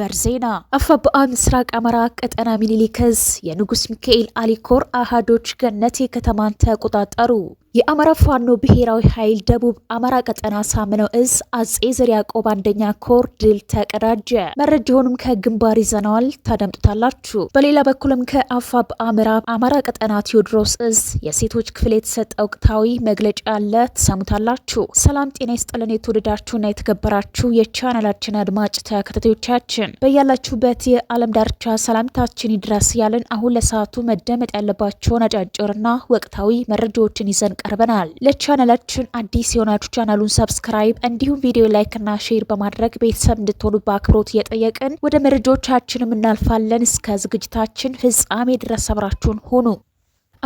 ሰበር ዜና አፋብአ ምስራቅ አማራ ቀጠና ሚኒሊክስ የንጉስ ሚካኤል አሊኮር አሃዶች ገነቴ ከተማን ተቆጣጠሩ። የአማራ ፋኖ ብሔራዊ ኃይል ደቡብ አማራ ቀጠና ሳምነው እዝ አጼ ዘር ያዕቆብ አንደኛ ኮር ድል ተቀዳጀ። መረጃውንም ከግንባር ይዘነዋል ታደምጡታላችሁ። በሌላ በኩልም ከአፋብ ምዕራብ አማራ ቀጠና ቴዎድሮስ እዝ የሴቶች ክፍል የተሰጠ ወቅታዊ መግለጫ አለ ትሰሙታላችሁ። ሰላም ጤና ይስጥልን። የተወደዳችሁና የተከበራችሁ የቻናላችን አድማጭ ተከታታዮቻችን በያላችሁበት የዓለም ዳርቻ ሰላምታችን ይድረስ ያልን አሁን ለሰዓቱ መደመጥ ያለባቸውን አጫጭርና ወቅታዊ መረጃዎችን ይዘን ቀርበናል። ለቻናላችን አዲስ የሆናችሁ ቻናሉን ሰብስክራይብ እንዲሁም ቪዲዮ ላይክና ሼር በማድረግ ቤተሰብ እንድትሆኑ በአክብሮት እየጠየቅን ወደ መረጃዎቻችንም እናልፋለን። እስከ ዝግጅታችን ፍጻሜ ድረስ አብራችሁን ሁኑ።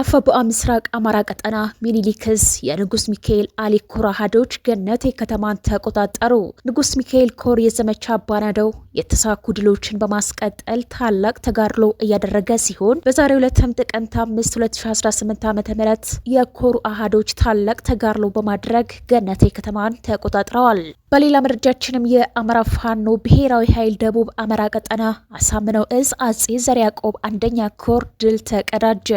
አፋብአ ምስራቅ አማራ ቀጠና ሚኒሊክስ የንጉስ ሚካኤል አሊ ኮር አሃዶች ገነቴ ከተማን ተቆጣጠሩ። ንጉስ ሚካኤል ኮር የዘመቻ አባናደው የተሳኩ ድሎችን በማስቀጠል ታላቅ ተጋድሎ እያደረገ ሲሆን በዛሬው ዕለትም ጥቅምት 5 2018 ዓ ም የኮሩ አሃዶች ታላቅ ተጋድሎ በማድረግ ገነቴ ከተማን ተቆጣጥረዋል። በሌላ መረጃችንም የአማራ ፋኖ ብሔራዊ ኃይል ደቡብ አማራ ቀጠና አሳምነው እዝ አጼ ዘርዓ ያዕቆብ አንደኛ ኮር ድል ተቀዳጀ።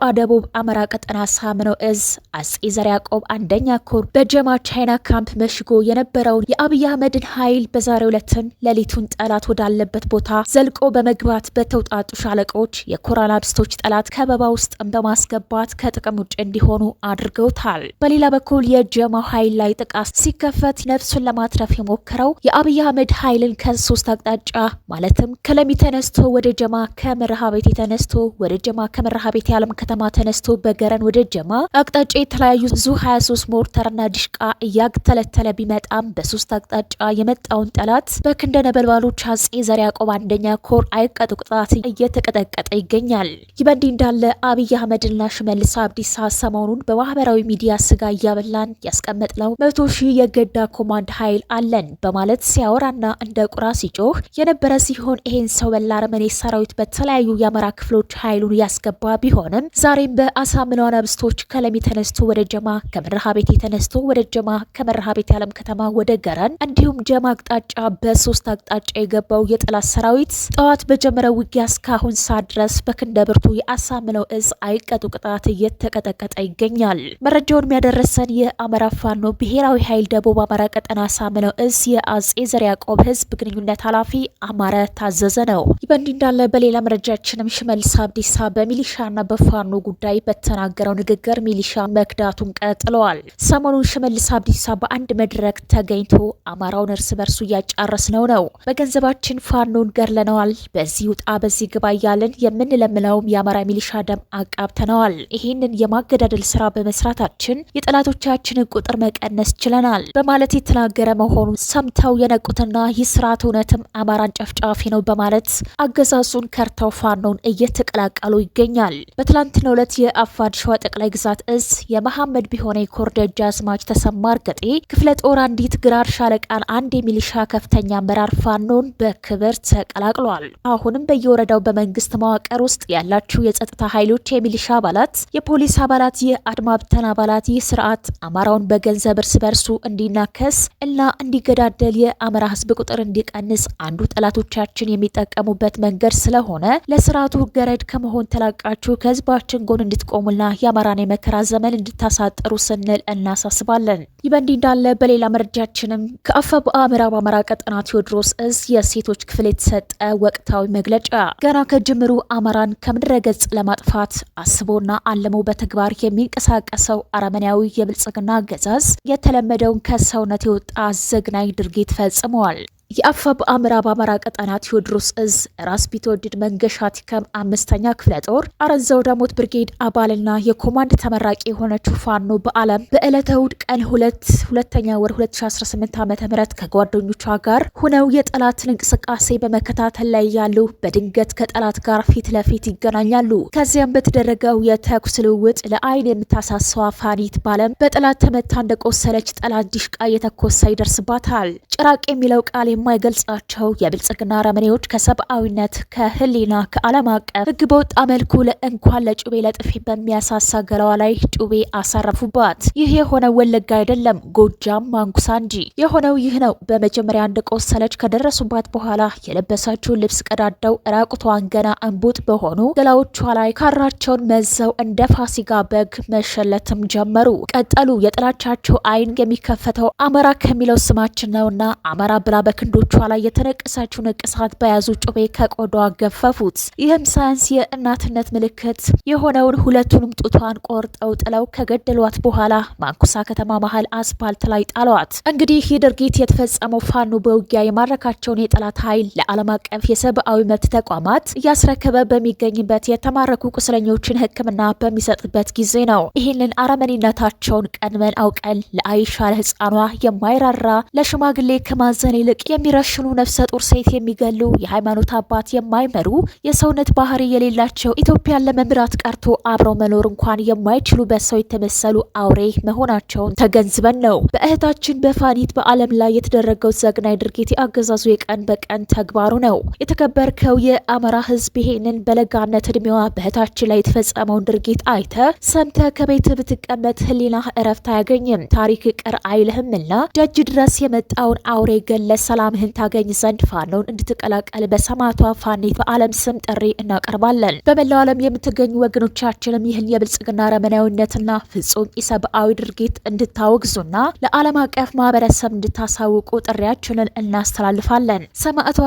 በደቡብ አማራ ቀጠና ሳምነው እዝ አፄ ዘርዓ ያዕቆብ አንደኛ ኮር በጀማ ቻይና ካምፕ መሽጎ የነበረውን የአብይ አህመድን ኃይል በዛሬው ዕለትም ሌሊቱን ጠላት ወዳለበት ቦታ ዘልቆ በመግባት በተውጣጡ ሻለቆች የኮራና ብስቶች ጠላት ከበባ ውስጥ በማስገባት ከጥቅም ውጭ እንዲሆኑ አድርገውታል። በሌላ በኩል የጀማ ኃይል ላይ ጥቃት ሲከፈት ነፍሱን ለማትረፍ የሞከረው የአብይ አህመድ ኃይልን ከሶስት አቅጣጫ ማለትም ከለሚ ተነስቶ ወደ ጀማ፣ ከመርሃ ቤቴ ተነስቶ ወደ ጀማ፣ ከመርሃ ቤት አለም ከተማ ተነስቶ በገረን ወደ ጀማ አቅጣጫ የተለያዩ ዙ 23 ሞርተርና ዲሽቃ እያተለተለ ቢመጣም በሶስት አቅጣጫ የመጣውን ጠላት በክንደ ነበልባሎች አፄ ዘር ያዕቆብ አንደኛ ኮር አይቀጡ ቅጣት እየተቀጠቀጠ ይገኛል። ይህ በእንዲህ እንዳለ አብይ አህመድና ሽመልስ አብዲሳ ሰሞኑን በማህበራዊ ሚዲያ ስጋ እያበላን ያስቀመጥነው መቶ ሺህ የገዳ ኮማንድ ኃይል አለን በማለት ሲያወራና እንደ ቁራ ሲጮህ የነበረ ሲሆን ይህን ሰው በላ አረመኔ ሰራዊት በተለያዩ የአማራ ክፍሎች ኃይሉን ያስገባ ቢሆንም ዛሬም በአሳምነው አናብስቶች ከለሚ ተነስቶ ወደ ጀማ ከመርሃ ቤቴ ተነስቶ ወደ ጀማ ከመርሃ ቤቴ የዓለም ከተማ ወደ ገረን እንዲሁም ጀማ አቅጣጫ በሶስት አቅጣጫ የገባው የጠላት ሰራዊት ጠዋት በጀመረው ውጊያ እስካሁን ሰዓት ድረስ በክንደ ብርቱ የአሳምነው እዝ አይቀጡ ቅጣት እየተቀጠቀጠ ይገኛል። መረጃውን የሚያደረሰን የአማራ ፋኖ ብሔራዊ ኃይል ደቡብ አማራ ቀጠና አሳምነው እዝ የአጼ ዘር ያዕቆብ ህዝብ ግንኙነት ኃላፊ አማረ ታዘዘ ነው። ይህ በእንዲህ እንዳለ በሌላ መረጃችንም ሽመልስ አብዲሳ በሚሊሻና በፋ በፋኖ ጉዳይ በተናገረው ንግግር ሚሊሻ መክዳቱን ቀጥለዋል። ሰሞኑን ሽመልስ አብዲሳ በአንድ መድረክ ተገኝቶ አማራውን እርስ በርሱ እያጫረስ ነው ነው በገንዘባችን ፋኖን ገድለነዋል፣ በዚህ ውጣ በዚህ ግባ እያልን የምንለምነውም የአማራ ሚሊሻ ደም አቃብተነዋል። ይህንን የማገዳደል ስራ በመስራታችን የጠላቶቻችንን ቁጥር መቀነስ ችለናል በማለት የተናገረ መሆኑ ሰምተው የነቁትና ይህ ስርዓት እውነትም አማራን ጨፍጫፊ ነው በማለት አገዛዙን ከርተው ፋኖን እየተቀላቀሉ ይገኛል። በትላንት በትናንትናው ዕለት የአፋድ ሸዋ ጠቅላይ ግዛት እዝ የመሐመድ ቢሆነ ኮርደጃዝማች ተሰማ እርገጤ ክፍለ ጦር አንዲት ግራር ሻለቃን አንድ የሚሊሻ ከፍተኛ አመራር ፋኖን በክብር ተቀላቅሏል። አሁንም በየወረዳው በመንግስት መዋቅር ውስጥ ያላችሁ የጸጥታ ኃይሎች፣ የሚሊሻ አባላት፣ የፖሊስ አባላት፣ የአድማ ብተን አባላት ይህ ስርዓት አማራውን በገንዘብ እርስ በርሱ እንዲናከስ እና እንዲገዳደል የአማራ ህዝብ ቁጥር እንዲቀንስ አንዱ ጠላቶቻችን የሚጠቀሙበት መንገድ ስለሆነ ለስርዓቱ ገረድ ከመሆን ተላቃችሁ ከህዝባችሁ ከህዝባችን ጎን እንድትቆሙና የአማራን የመከራ ዘመን እንድታሳጥሩ ስንል እናሳስባለን። ይህ በእንዲህ እንዳለ በሌላ መረጃችንም ከአፋብአ ምዕራብ አማራ ቀጠና ቴዎድሮስ እዝ የሴቶች ክፍል የተሰጠ ወቅታዊ መግለጫ ገና ከጅምሩ አማራን ከምድረ ገጽ ለማጥፋት አስቦና አለሞ በተግባር የሚንቀሳቀሰው አረመኔያዊ የብልጽግና አገዛዝ የተለመደውን ከሰውነት የወጣ ዘግናኝ ድርጊት ፈጽመዋል። የአፋ በአምራ አማራ ቀጠና ቴዎድሮስ እዝ ራስ ቢትወደድ መንገሻ ቲከም አምስተኛ ክፍለ ጦር አረንዛው ዳሞት ብርጌድ አባልና የኮማንድ ተመራቂ የሆነችው ፋኖ በአለም በዕለተ ውድ ቀን ሁለት ሁለተኛ ወር 2018 ዓ ም ከጓደኞቿ ጋር ሁነው የጠላትን እንቅስቃሴ በመከታተል ላይ ያሉ በድንገት ከጠላት ጋር ፊት ለፊት ይገናኛሉ። ከዚያም በተደረገው የተኩስ ልውውጥ ለአይን የምታሳሰዋ ፋኒት ባለም በጠላት ተመታ እንደቆሰለች ጠላት ዲሽቃ የተኮሳ ይደርስባታል። ጭራቅ የሚለው ቃል የማይገልጻቸው የብልጽግና አረመኔዎች ከሰብአዊነት ከህሊና ከዓለም አቀፍ ህግ በወጣ መልኩ እንኳን ለጩቤ ለጥፊ በሚያሳሳ ገላዋ ላይ ጩቤ አሳረፉባት። ይህ የሆነው ወለጋ አይደለም፣ ጎጃም ማንኩሳ እንጂ የሆነው ይህ ነው። በመጀመሪያ እንደ ቆሰለች ከደረሱባት በኋላ የለበሰችውን ልብስ ቀዳደው ራቁቷን ገና እንቡጥ በሆኑ ገላዎቿ ላይ ካራቸውን መዘው እንደ ፋሲጋ በግ መሸለትም ጀመሩ። ቀጠሉ። የጥላቻቸው አይን የሚከፈተው አማራ ከሚለው ስማችን ነውና አማራ ብላ በክ ክንዶቿ ላይ የተነቀሳችው ንቅሳት በያዙ ጩቤ ከቆዳዋ ገፈፉት። ይህም ሳያንስ የእናትነት ምልክት የሆነውን ሁለቱንም ጡቷን ቆርጠው ጥለው ከገደሏት በኋላ ማንኩሳ ከተማ መሀል አስፓልት ላይ ጣለዋት። እንግዲህ ይህ ድርጊት የተፈጸመው ፋኖ በውጊያ የማረካቸውን የጠላት ኃይል ለዓለም አቀፍ የሰብአዊ መብት ተቋማት እያስረከበ በሚገኝበት የተማረኩ ቁስለኞችን ሕክምና በሚሰጥበት ጊዜ ነው። ይህንን አረመኔነታቸውን ቀድመን አውቀን ለአይሻ ለህፃኗ የማይራራ ለሽማግሌ ከማዘን ይልቅ የሚረሽኑ ነፍሰ ጡር ሴት የሚገሉ የሃይማኖት አባት የማይመሩ የሰውነት ባህሪ የሌላቸው ኢትዮጵያን ለመምራት ቀርቶ አብረው መኖር እንኳን የማይችሉ በሰው የተመሰሉ አውሬ መሆናቸውን ተገንዝበን ነው። በእህታችን በፋኒት በዓለም ላይ የተደረገው ዘግናይ ድርጊት የአገዛዙ የቀን በቀን ተግባሩ ነው። የተከበርከው የአማራ ህዝብ ይሄንን በለጋነት እድሜዋ በእህታችን ላይ የተፈጸመውን ድርጊት አይተ ሰምተ ከቤት ብትቀመጥ ህሊና እረፍት አያገኝም። ታሪክ ቅር አይልህምና ደጅ ድረስ የመጣውን አውሬ ገለ ሰላም ሰላምህን ታገኝ ዘንድ ፋኖን እንድትቀላቀል በሰማዕቷ ፋኒ በዓለም ስም ጥሪ እናቀርባለን። በመላው ዓለም የምትገኙ ወገኖቻችንም ይህን የብልጽግና ረመናዊነትና ፍጹም ኢሰብአዊ ድርጊት እንድታወግዙና ለዓለም አቀፍ ማህበረሰብ እንድታሳውቁ ጥሪያችንን እናስተላልፋለን። ሰማዕቷ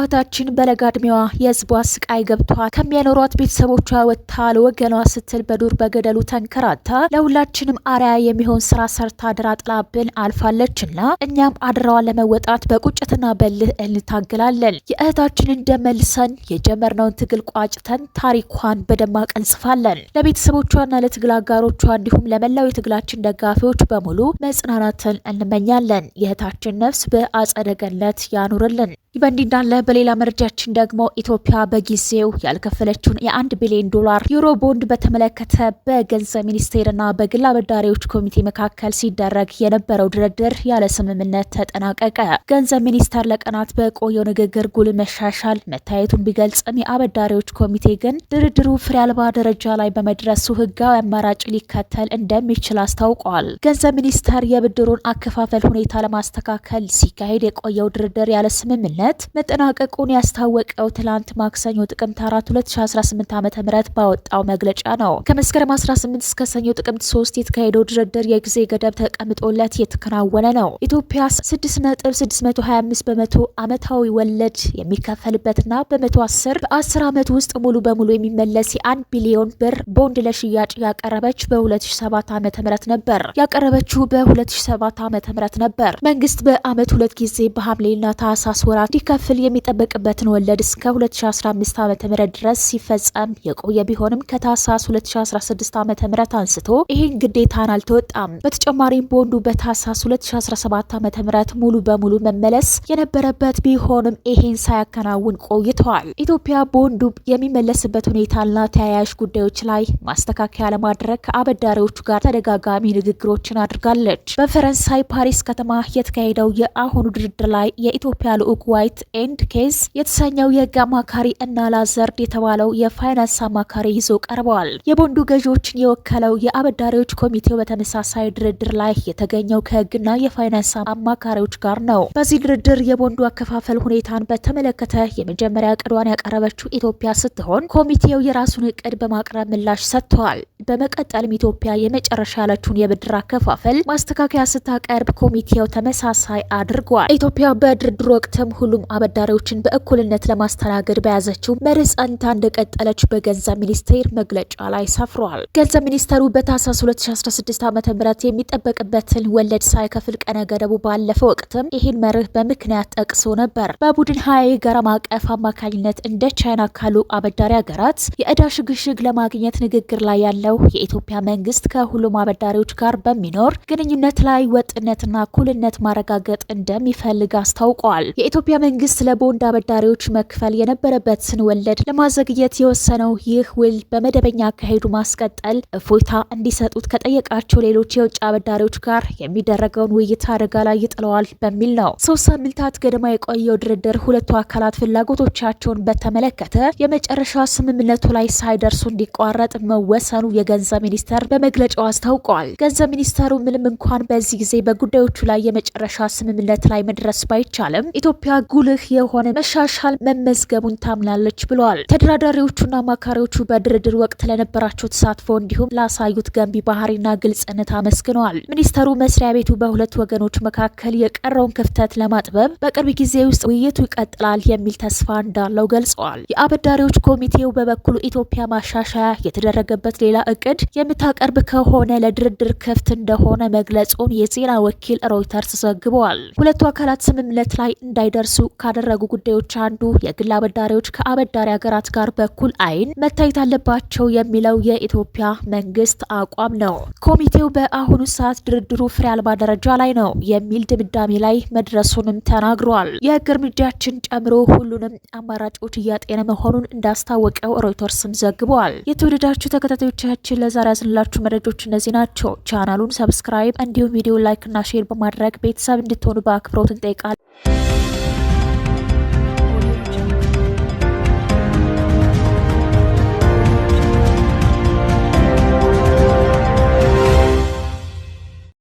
በለጋ እድሜዋ የህዝቧ ስቃይ ገብቷ ከሚያኖሯት ቤተሰቦቿ ወጥታ ለወገኗ ስትል በዱር በገደሉ ተንከራታ ለሁላችንም አርያ የሚሆን ስራ ሰርታ ድራ ጥላብን አልፋለችና እኛም አድራዋ ለመወጣት በቁጭትና በ ልንገልህ እንታግላለን። የእህታችንን ደም መልሰን የጀመርነውን ትግል ቋጭተን ታሪኳን በደማቅ እንጽፋለን። ለቤተሰቦቿና ለትግል አጋሮቿ እንዲሁም ለመላው የትግላችን ደጋፊዎች በሙሉ መጽናናትን እንመኛለን። የእህታችን ነፍስ በአጸደ ገነት ያኑርልን። ይህ በእንዲህ እንዳለ በሌላ መረጃችን ደግሞ ኢትዮጵያ በጊዜው ያልከፈለችውን የአንድ ቢሊዮን ዶላር ዩሮ ቦንድ በተመለከተ በገንዘብ ሚኒስቴርና በግል አበዳሪዎች ኮሚቴ መካከል ሲደረግ የነበረው ድርድር ያለ ስምምነት ተጠናቀቀ። ገንዘብ ሚኒስቴር ለቀናት በቆየው ንግግር ጉል መሻሻል መታየቱን ቢገልጽም የአበዳሪዎች ኮሚቴ ግን ድርድሩ ፍሬ አልባ ደረጃ ላይ በመድረሱ ህጋዊ አማራጭ ሊከተል እንደሚችል አስታውቋል። ገንዘብ ሚኒስቴር የብድሩን አከፋፈል ሁኔታ ለማስተካከል ሲካሄድ የቆየው ድርድር ያለ ስምምነት ስምምነት መጠናቀቁን ያስታወቀው ትላንት ማክሰኞ ጥቅምት 4 2018 ዓ ም ባወጣው መግለጫ ነው። ከመስከረም 18 እስከ ሰኞ ጥቅምት 3 የተካሄደው ድርድር የጊዜ ገደብ ተቀምጦለት የተከናወነ ነው። ኢትዮጵያ 6.625 በመቶ ዓመታዊ ወለድ የሚከፈልበትና በ110 በ10 ዓመት ውስጥ ሙሉ በሙሉ የሚመለስ የ1 ቢሊዮን ብር ቦንድ ለሽያጭ ያቀረበች በ2007 ዓ ም ነበር ያቀረበችው በ2007 ዓ ም ነበር መንግስት በአመት ሁለት ጊዜ በሐምሌና ታህሳስ ወራት እንዲከፍል የሚጠበቅበትን ወለድ እስከ 2015 ዓ ም ድረስ ሲፈጸም የቆየ ቢሆንም ከታህሳስ 2016 ዓ ም አንስቶ ይህን ግዴታን አልተወጣም። በተጨማሪም ቦንዱ በታህሳስ 2017 ዓ ም ሙሉ በሙሉ መመለስ የነበረበት ቢሆንም ይሄን ሳያከናውን ቆይተዋል። ኢትዮጵያ ቦንዱ የሚመለስበት ሁኔታና ተያያዥ ጉዳዮች ላይ ማስተካከያ ለማድረግ ከአበዳሪዎቹ ጋር ተደጋጋሚ ንግግሮችን አድርጋለች። በፈረንሳይ ፓሪስ ከተማ የተካሄደው የአሁኑ ድርድር ላይ የኢትዮጵያ ልዑክ ዋይት ኤንድ ኬዝ የተሰኘው የህግ አማካሪ እና ላዘርድ የተባለው የፋይናንስ አማካሪ ይዞ ቀርበዋል። የቦንዱ ገዢዎችን የወከለው የአበዳሪዎች ኮሚቴው በተመሳሳይ ድርድር ላይ የተገኘው ከህግና የፋይናንስ አማካሪዎች ጋር ነው። በዚህ ድርድር የቦንዱ አከፋፈል ሁኔታን በተመለከተ የመጀመሪያ እቅዷን ያቀረበችው ኢትዮጵያ ስትሆን ኮሚቴው የራሱን እቅድ በማቅረብ ምላሽ ሰጥተዋል። በመቀጠልም ኢትዮጵያ የመጨረሻ ያለችውን የብድር አከፋፈል ማስተካከያ ስታቀርብ ኮሚቴው ተመሳሳይ አድርጓል። ኢትዮጵያ በድርድር ወቅትም ሁሉም አበዳሪዎችን በእኩልነት ለማስተናገድ በያዘችው መርህ ጸንታ እንደቀጠለች በገንዘብ ሚኒስቴር መግለጫ ላይ ሰፍሯል። ገንዘብ ሚኒስተሩ በታህሳስ 2016 ዓ ም የሚጠበቅበትን ወለድ ሳይከፍል ቀነ ገደቡ ባለፈ ወቅትም ይህን መርህ በምክንያት ጠቅሶ ነበር። በቡድን ሀያ የጋራ አቀፍ አማካኝነት እንደ ቻይና ካሉ አበዳሪ ሀገራት የእዳ ሽግሽግ ለማግኘት ንግግር ላይ ያለው የኢትዮጵያ መንግስት ከሁሉም አበዳሪዎች ጋር በሚኖር ግንኙነት ላይ ወጥነትና እኩልነት ማረጋገጥ እንደሚፈልግ አስታውቋል። የኢትዮጵያ መንግስት ለቦንድ አበዳሪዎች መክፈል የነበረበትን ወለድ ለማዘግየት የወሰነው ይህ ውል በመደበኛ አካሄዱ ማስቀጠል እፎይታ እንዲሰጡት ከጠየቃቸው ሌሎች የውጭ አበዳሪዎች ጋር የሚደረገውን ውይይት አደጋ ላይ ይጥለዋል በሚል ነው። ሶስት ሳምንታት ገደማ የቆየው ድርድር ሁለቱ አካላት ፍላጎቶቻቸውን በተመለከተ የመጨረሻ ስምምነቱ ላይ ሳይደርሱ እንዲቋረጥ መወሰኑ የገንዘብ ሚኒስተር በመግለጫው አስታውቋል። ገንዘብ ሚኒስተሩ ምንም እንኳን በዚህ ጊዜ በጉዳዮቹ ላይ የመጨረሻ ስምምነት ላይ መድረስ ባይቻልም ኢትዮጵያ ጉልህ የሆነ መሻሻል መመዝገቡን ታምናለች ብለዋል። ተደራዳሪዎቹና አማካሪዎቹ በድርድር ወቅት ለነበራቸው ተሳትፎ እንዲሁም ላሳዩት ገንቢ ባህሪና ግልጽነት አመስግነዋል። ሚኒስተሩ መስሪያ ቤቱ በሁለት ወገኖች መካከል የቀረውን ክፍተት ለማጥበብ በቅርብ ጊዜ ውስጥ ውይይቱ ይቀጥላል የሚል ተስፋ እንዳለው ገልጸዋል። የአበዳሪዎች ኮሚቴው በበኩሉ ኢትዮጵያ ማሻሻያ የተደረገበት ሌላ እቅድ የምታቀርብ ከሆነ ለድርድር ክፍት እንደሆነ መግለጹን የዜና ወኪል ሮይተርስ ዘግበዋል። ሁለቱ አካላት ስምምነት ላይ እንዳይደርሱ ካደረጉ ጉዳዮች አንዱ የግል አበዳሪዎች ከአበዳሪ ሀገራት ጋር በኩል አይን መታየት አለባቸው የሚለው የኢትዮጵያ መንግስት አቋም ነው። ኮሚቴው በአሁኑ ሰዓት ድርድሩ ፍሬ አልባ ደረጃ ላይ ነው የሚል ድምዳሜ ላይ መድረሱንም ተናግሯል። የህግ እርምጃችን ጨምሮ ሁሉንም አማራጮች እያጤነ መሆኑን እንዳስታወቀው ሮይተርስም ዘግቧል። የተወደዳችሁ ተከታታዮቻችን ለዛሬ ያዝንላችሁ መረጃዎች እነዚህ ናቸው። ቻናሉን ሰብስክራይብ እንዲሁም ቪዲዮ ላይክና ሼር በማድረግ ቤተሰብ እንድትሆኑ በአክብሮት እንጠይቃለን።